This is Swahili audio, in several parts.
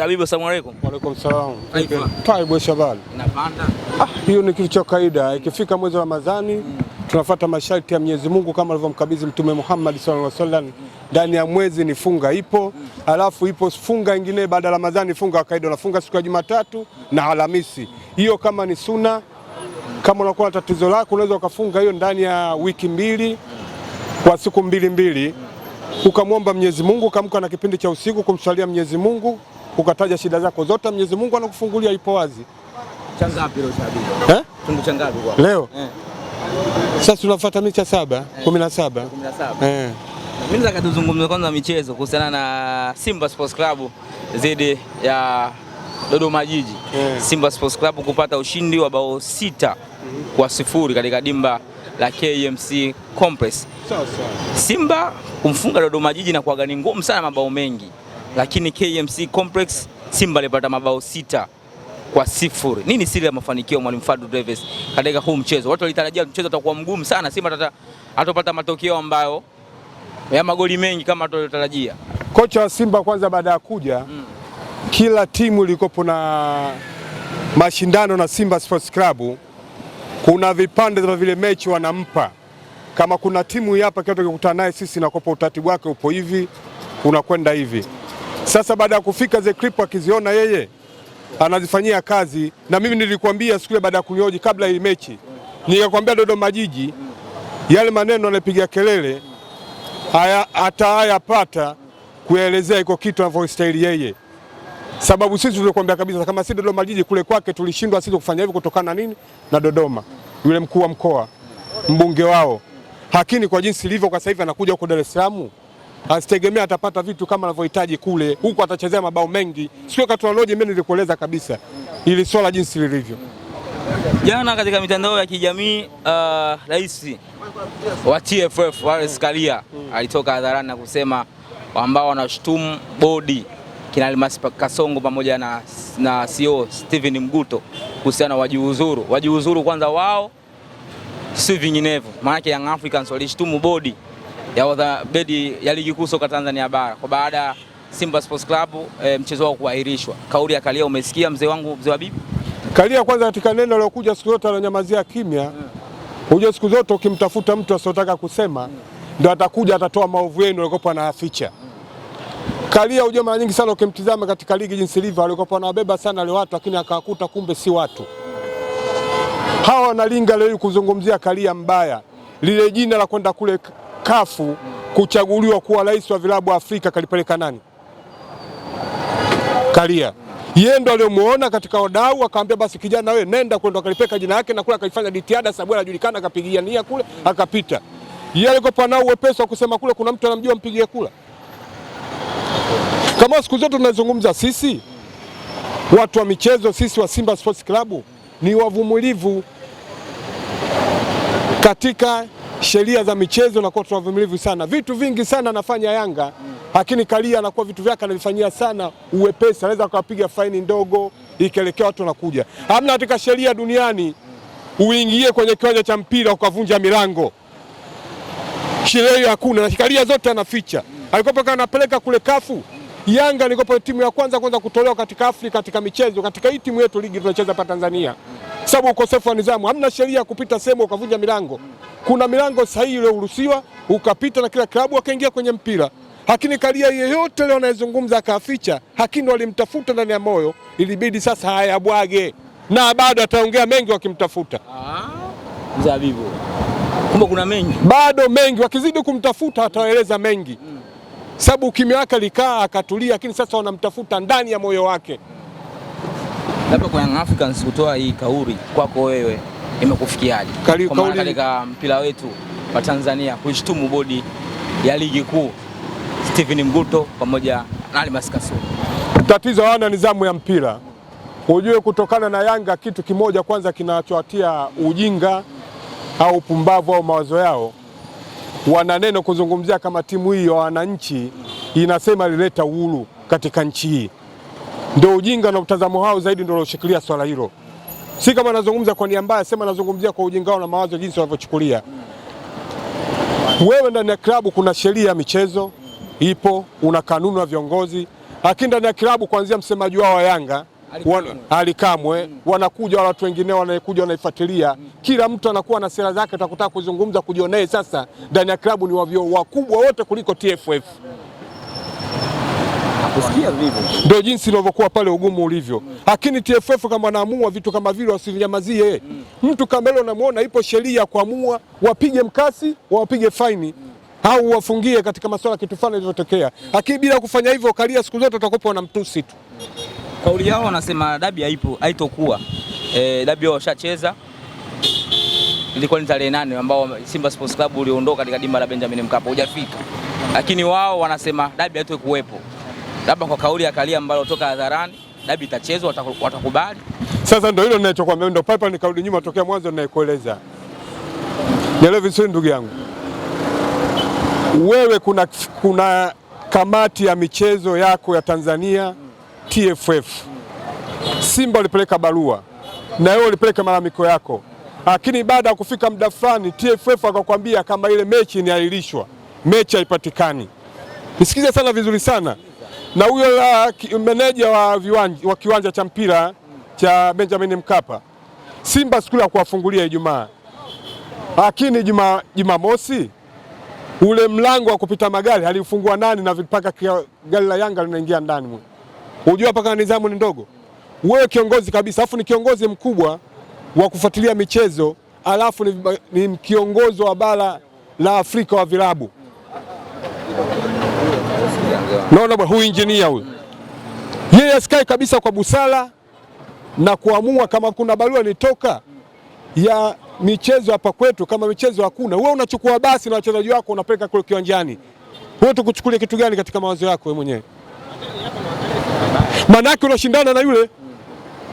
Habibu, asalamu alaykum. Wa alaykum salaam. Taibu Shabali. Inapanda. Ah, hiyo ni kitu cha kawaida. Ikifika mwezi wa Ramadhani mm. tunafuata masharti ya Mwenyezi Mungu kama alivyomkabidhi Mtume Muhammad sallallahu alaihi wasallam. Ndani ya mwezi ni funga ipo mm. alafu ipo funga ingine baada ya Ramadhani, funga kawaida unafunga siku ya Jumatatu mm. na Alhamisi. Hiyo kama ni suna, kama unakuwa na tatizo lako unaweza ukafunga hiyo ndani ya wiki mbili kwa siku mbili mbili, ukamwomba Mwenyezi Mungu, ukamka na kipindi cha usiku kumsalia Mwenyezi Mungu ukataja shida zako zote, Mwenyezi Mungu anakufungulia, ipo wazi. leo eh? kwa leo eh? Sasa tunafuata mechi ya eh. saba kumi na saba eh. Mimi nataka tuzungumze kwanza michezo kuhusiana na Simba Sports Club dhidi ya Dodoma Jiji yeah. Simba Sports Club kupata ushindi wa bao sita kwa sifuri katika dimba la KMC Complex. Simba kumfunga Dodoma Jiji na kuaga ni ngumu sana, mabao mengi lakini KMC Complex Simba alipata mabao sita kwa sifuri. Nini siri ya mafanikio mwalimu Fadlu Davis katika huu mchezo? Watu walitarajia mchezo utakuwa mgumu sana, Simba atapata matokeo ambayo ya magoli mengi kama tulivyotarajia. Kocha wa Simba kwanza, baada ya kuja mm. kila timu ilikopo na mashindano na Simba Sports Club, kuna vipande vya vile mechi wanampa kama kuna timu hapa kitu kikutana naye sisi nakopa, utaratibu wake upo hivi, unakwenda hivi sasa baada ya kufika ze clip akiziona yeye anazifanyia kazi, na mimi nilikwambia siku ile baada ya kunyoji kabla ya mechi nikakwambia Dodoma Jiji yale maneno anapiga kelele atayapata kuyaelezea iko kitu anavyostahili yeye, sababu sisi tulikwambia kabisa kama si Dodoma Jiji kule kwake tulishindwa sisi kufanya hivyo kutokana nini, na Dodoma yule mkuu wa mkoa mbunge wao, lakini kwa jinsi ilivyo kwa sasa hivi anakuja huko Dar es Salaam asitegemea atapata vitu kama anavyohitaji kule, huku atachezea mabao mengi. Sio kataloji, mimi nilikueleza kabisa ili swala jinsi lilivyo. Jana katika mitandao ya kijamii uh, rais wa TFF Wallace Karia alitoka hadharani na kusema ambao wanashutumu bodi kina Almas Kasongo pamoja na, na CEO Steven Mguto kuhusiana wajiuzuru wajiuzuru kwanza wao si vinginevyo, yake Young Africans walishtumu bodi ya wadha bedi ya ligi kuu soka Tanzania bara kwa baada ya Simba Sports Club e, mchezo wao kuahirishwa. Kauli ya Kalia umesikia mzee wangu, mzee wa bibi Kalia. Kwanza katika neno alilokuja siku zote ananyamazia kimya. Unajua siku zote ukimtafuta mtu asiotaka kusema ndio atakuja atatoa maovu yenu alikopo anayaficha. Kalia unajua mara nyingi sana ukimtizama katika ligi jinsi ilivyo alikopo anawabeba sana leo watu, lakini akawakuta kumbe si watu. Hawa wanalinga leo kuzungumzia Kalia mbaya, lile jina la kwenda kule kafu kuchaguliwa kuwa rais wa vilabu Afrika kalipeleka nani? kalia yeye ndo aliyomuona katika wadau akamwambia, basi kijana wewe nenda kwenda, kalipeka jina yake na kule akalifanya jitihada, sababu anajulikana, akapigia nia kule akapita. Yeye alikopa nao uwepesi wa kusema kule kuna mtu anamjua, mpigie kula. Kama siku zote tunazungumza sisi watu wa michezo, sisi wa Simba Sports Club ni wavumilivu katika sheria za michezo nakuwa tunavumilivu sana, vitu vingi sana anafanya Yanga, lakini Kalia anakuwa vitu vyake anavifanyia sana uwepesi, anaweza akawapiga faini ndogo ikielekea watu wanakuja. Hamna katika sheria duniani uingie kwenye kiwanja cha mpira ukavunja milango, sheria hiyo hakuna, na Kalia zote anaficha. Alikopo anapeleka kule kafu Yanga nilikopo timu ya kwanza kwanza kutolewa katika Afrika katika michezo katika hii timu yetu ligi tunacheza hapa Tanzania, sababu ukosefu wa nidhamu. Hamna sheria ya kupita sehemu ukavunja milango kuna milango sahihi iliyoruhusiwa ukapita na kila klabu akaingia kwenye mpira. Lakini kalia yeyote leo anayezungumza akaficha, lakini walimtafuta ndani ya moyo, ilibidi sasa hayabwage, na bado ataongea mengi wakimtafuta. Ah, kumbe kuna mengi bado mengi, wakizidi kumtafuta ataeleza mengi mm. Sababu kimya wake likaa akatulia, lakini sasa wanamtafuta ndani ya moyo wake. Labda kwa Young Africans kutoa hii kauli kwako wewe imekufikiaje katika mpira wetu wa Tanzania kuishtumu bodi ya ligi kuu Steven Mguto pamoja na Almas Kasulu? Tatizo hawana nidhamu ya mpira. Hujue kutokana na Yanga kitu kimoja kwanza kinachoatia ujinga au pumbavu au mawazo yao, wana neno kuzungumzia kama timu hii ya wananchi inasema lileta uhuru katika nchi hii. Ndio ujinga na mtazamo wao zaidi ndio ulioshikilia swala hilo si kama nazungumza kwa nia mbaya, sema nazungumzia kwa ujingao na mawazo, jinsi wanavyochukulia wewe. Ndani ya klabu kuna sheria ya michezo ipo, una kanuni na viongozi, lakini ndani ya klabu kuanzia msemaji wao wa Yanga Alikamwe mm. wanakuja wala watu wengine wanakuja wanaifuatilia mm. Kila mtu anakuwa na sera zake, atakutaka kuzungumza kujionee. Sasa ndani ya klabu ni wavyo wakubwa wote kuliko TFF ndio jinsi ilivyokuwa pale, ugumu ulivyo. Lakini TFF kama wanaamua vitu kama vile mm. Mtu kama ile unamwona, ipo sheria ya kuamua, wapige mkasi, wapige faini mm. au wafungie katika masuala kitu fulani ilivyotokea, lakini bila kufanya hivyo, kalia siku zote utakopa na mtusi tu. Kauli yao wanasema dabi haipo, haitokuwa e, dabi washacheza ilikuwa ni tarehe nane ambao Simba Sports Club uliondoka katika dimba la Benjamin Mkapa, hujafika. Lakini wao wanasema dabi haitokuwepo labda kwa kauli ya Kalia ambayo toka hadharani dabi itachezwa, watakubali. Sasa ndio hilo ninachokwambia, ndio ni nikarudi nyuma tokea mwanzo ninaikueleza. Nielewe vizuri ndugu yangu, wewe kuna, kuna kamati ya michezo yako ya Tanzania TFF, Simba ulipeleka barua na wewe ulipeleka malalamiko yako, lakini baada ya kufika muda fulani TFF akakwambia kama ile mechi inaahirishwa, mechi haipatikani. Nisikize sana vizuri sana na huyo ah, meneja wa viwanja, wa kiwanja cha mpira cha Benjamin Mkapa, Simba siku ya kuwafungulia Ijumaa, lakini Juma Jumamosi ule mlango wa kupita magari alifungua nani na mpaka gari la Yanga linaingia ndani. Unajua paka nidhamu ni ndogo. Wewe kiongozi kabisa, alafu ni kiongozi mkubwa wa kufuatilia michezo, alafu ni, ni kiongozi wa bara la Afrika wa vilabu Naona bwana, huyu engineer huyu yeye asikae kabisa kwa busara na kuamua kama kuna barua nitoka ya michezo hapa kwetu. Kama michezo hakuna, wewe unachukua basi na wachezaji wako unapeleka kule kiwanjani. Wewe tukuchukulia kitu gani katika mawazo yako wewe mwenyewe? Manake unashindana na yule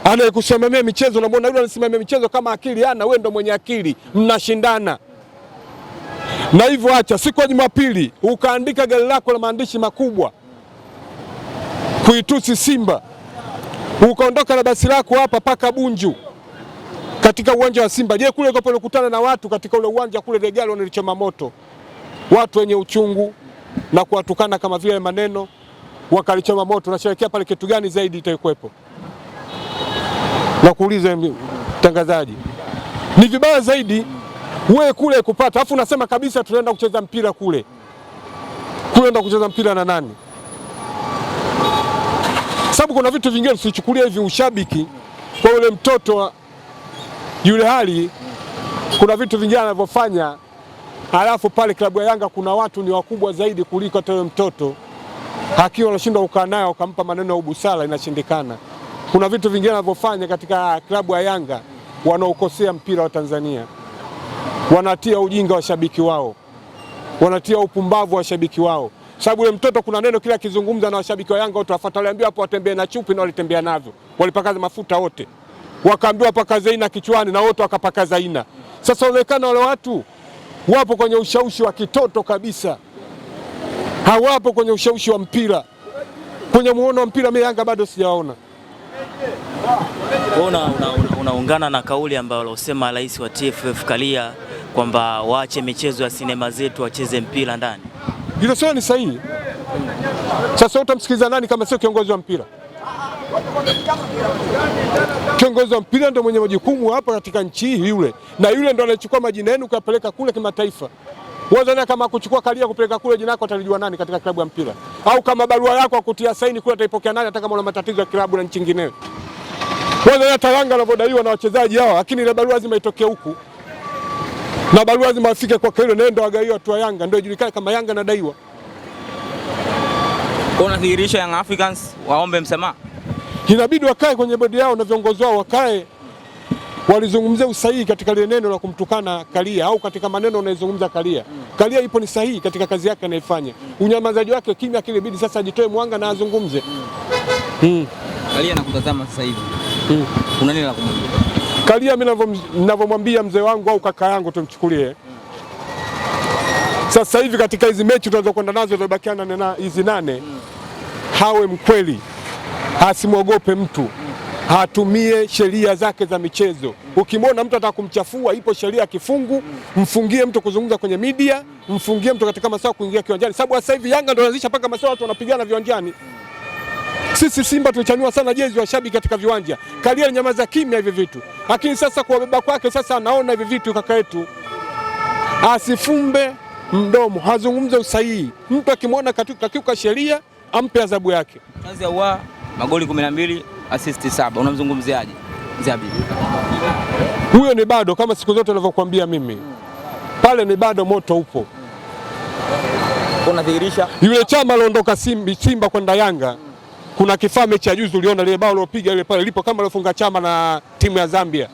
anayekusimamia michezo, na mbona yule anasimamia michezo kama akili hana, wewe ndo mwenye akili, mnashindana na hivyo. Acha siku ya Jumapili ukaandika gari lako la maandishi makubwa kuitusi Simba, ukaondoka na basi lako hapa paka Bunju katika uwanja wa Simba. Je, kule unakutana na watu katika ule uwanja kule Degal wanalichoma moto, watu wenye uchungu na kuwatukana kama vile maneno wakalichoma moto, nasherekea pale, kitu gani zaidi itakuwepo? Nakuuliza mtangazaji, ni vibaya zaidi wewe kule kupata, alafu unasema kabisa tunaenda kucheza mpira kule, kule enda kucheza mpira na nani? sababu kuna vitu vingine tusichukulia hivi ushabiki kwa yule mtoto yule, hali kuna vitu vingine anavyofanya, alafu pale klabu ya Yanga kuna watu ni wakubwa zaidi kuliko hata yule mtoto, akiwa anashindwa kukaa naye akampa maneno ya ubusara, inashindikana. Kuna vitu vingine anavyofanya katika klabu ya Yanga wanaokosea mpira wa Tanzania, wanatia ujinga washabiki wao, wanatia upumbavu washabiki wao sababu yule mtoto kuna neno kila akizungumza na washabiki wa Yanga wote wafuata, waliambiwa hapo watembee na chupi na walitembea navyo, walipakaza mafuta wote, wakaambiwa paka zaina kichwani na wote wakapaka zaina. Sasa onekana wale watu wapo kwenye ushawishi wa kitoto kabisa, hawapo kwenye ushawishi wa mpira, kwenye muono wa mpira. Mimi Yanga bado sijaona. Unaungana una, una na kauli ambayo alosema rais wa TFF Kalia kwamba waache michezo ya sinema zetu wacheze mpira ndani hilo sio ni sahihi. Sasa utamsikiliza nani kama sio kiongozi wa mpira? Kiongozi wa mpira ndio mwenye majukumu hapa katika nchi hii yule, na yule ndio anachukua majina yenu kuyapeleka kule kimataifa. Wazana kama kuchukua kalia kupeleka kule, jina lako atalijua nani katika klabu ya mpira? Au kama barua yako akutia saini kule ataipokea nani? Hata kama una matatizo ya klabu na nchi nyingine, wazana Tanga anavyodaiwa na wachezaji hawa, lakini ile barua zimeitokea huku na barua lazima afike kwa hilo nendo agaiwa tu Yanga ndio ijulikane kama Yanga anadaiwa. Kwa unadhihirisha Young Africans waombe msamaha, inabidi wakae kwenye bodi yao na viongozi wao wakae walizungumzia usahihi katika lile neno la kumtukana Kalia au katika maneno unayozungumza Kalia. Kalia ipo ni sahihi katika kazi yake anayofanya, unyamazaji wake kimya kile bidi sasa ajitoe mwanga na azungumze. Kalia anakutazama sasa hivi, hmm. una nini la kumwambia? Kalia mimi ninavyomwambia mzee wangu au kaka yangu tumchukulie sasa hivi katika hizi mechi tunazo kwenda nazo tunabakia na hizi nane, hawe mkweli, asimwogope mtu, atumie sheria zake za michezo. Ukimwona mtu ataka kumchafua, ipo sheria ya kifungu, mfungie mtu kuzungumza kwenye media, mfungie mtu katika masaa kuingia kiwanjani, sababu sasa hivi Yanga ndio anaanzisha mpaka masaa watu wanapigana viwanjani. Sisi Simba tulichanua sana jezi washabiki katika viwanja, Karia nyamaza kimya hivi vitu, lakini sasa kuwabeba kwake sasa anaona hivi vitu. Kaka yetu asifumbe mdomo, hazungumze usahihi. Mtu akimwona kakiuka sheria ampe adhabu yake. Kazi ya wa magoli 12 assist 7, unamzungumziaje Zabi? Huyo ni bado kama siku zote navyokuambia mimi, pale ni bado moto upo. Unadhihirisha yule chama aliondoka Simba kwenda Yanga kuna kifaa mechi ya juzi uliona lile bao lilopiga ile pale lipo kama lilofunga chama na timu ya Zambia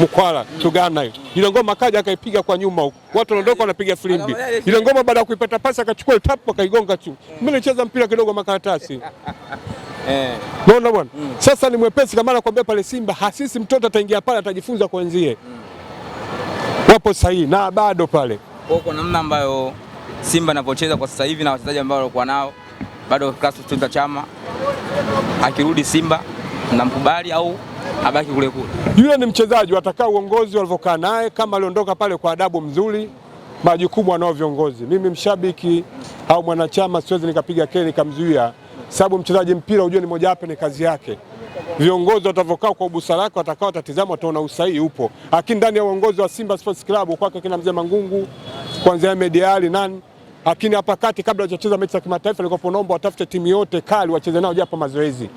Mkwala Tugana hiyo. Ile ngoma kaja akaipiga kwa nyuma huko. Watu wanaondoka wanapiga filimbi. Ile ngoma baada ya kuipata pasi akachukua tap akaigonga tu. Mimi nilicheza mpira kidogo makaratasi. Eh. Unaona bwana? Mm. Sasa ni mwepesi kama anakuambia pale Simba hasisi mtoto ataingia pale atajifunza kwa wenzie. Mm. Wapo sahihi na bado pale. huko, namna ambayo Simba anapocheza kwa sasa hivi na wachezaji ambao walikuwa nao bado kasi tunta chama akirudi Simba mkubali au abaki kule kule? Yule ni mchezaji, atakaa uongozi walivyokaa naye, kama aliondoka pale kwa adabu mzuri, majukumu anao viongozi. Mimi mshabiki au mwanachama siwezi nikapiga kelele nikamzuia, sababu mchezaji mpira unajua ni mojawapo ni kazi yake. Viongozi watavyokaa kwa ubusara wake, watakao watatizama, wataona usahihi upo, lakini ndani ya uongozi wa Simba Sports Club kwake kina mzee Mangungu, kuanzia Mediali nani lakini hapa kati kabla hajacheza mechi za kimataifa nilikuwa naomba watafute timu yote kali wacheze nao japo mazoezi.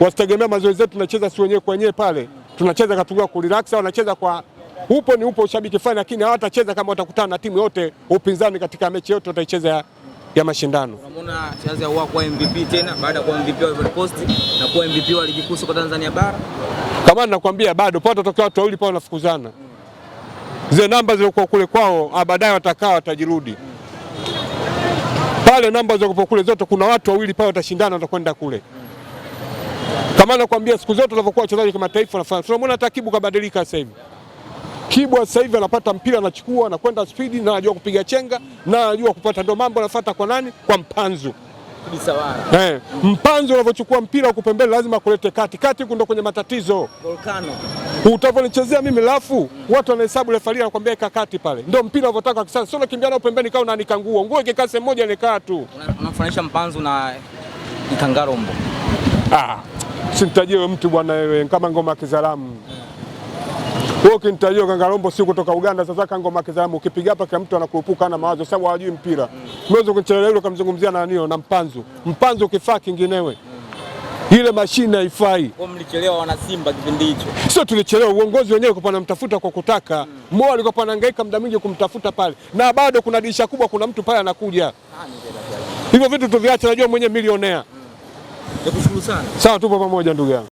Wasitegemea mazoezi yetu tunacheza si wenyewe kwenyewe pale. Tunacheza katika ku relax au wanacheza kwa upo ni upo ushabiki fani, lakini hawatacheza kama watakutana na timu yote upinzani katika mechi yote wataicheza ya, ya mashindano. Unaona chanzo ya kuwa MVP tena baada kwa MVP wa Ivory Coast na kuwa MVP wa ligi kuu soka Tanzania bara. Kama ninakwambia bado pata tokea watu wawili pao wanafukuzana. Zile namba zilizokuwa kule kwao ah, baadaye watakaa watajirudi pale namba za kupo kule zote, kuna watu wawili pale watashindana, watakwenda kule kama nakwambia, siku zote tunavyokuwa wachezaji kimataifa nafanya. Tunamwona hata Kibu kabadilika sasa hivi. Kibwa sasa hivi anapata mpira anachukua, anakwenda spidi na anajua kupiga chenga na anajua kupata, ndio mambo anafuata kwa nani? Kwa mpanzu eh, mpanzu unavyochukua mpira kupembele lazima kulete kati kati, huko ndo kwenye matatizo volcano. Utavonichezea mimi lafu watu wanahesabu refaria anakuambia kakati pale. Ndio mpira unavyotaka kisasa. Sio nakimbia nao pembeni kama unanika nguo. Nguo ikikaa sehemu moja inakaa tu. Unamfananisha Mpanzu na Ikangarombo. Ah. Simtajie mtu bwana wewe kama ngoma ya Kizalamu. Wewe ukinitajia Kangarombo si kutoka Uganda sasa kama ngoma ya Kizalamu ukipiga hapa kila mtu anakuepuka na mawazo sababu hawajui mpira. mwezo kuchelea yule kamzungumzia na nani na Mpanzu. Mpanzu kifaa kinginewe ile mashine haifai. Mlichelewa wana Simba kipindi hicho, sio? Tulichelewa, uongozi wenyewe ulikuwa anamtafuta kwa kutaka mm. Mo alikuwa panahangaika muda mwingi kumtafuta pale, na bado kuna dirisha kubwa, kuna mtu pale anakuja. Ah, Hivyo vitu tuviache, najua mwenye milionea. mm. sana. Sawa, tupo pamoja ndugu yangu.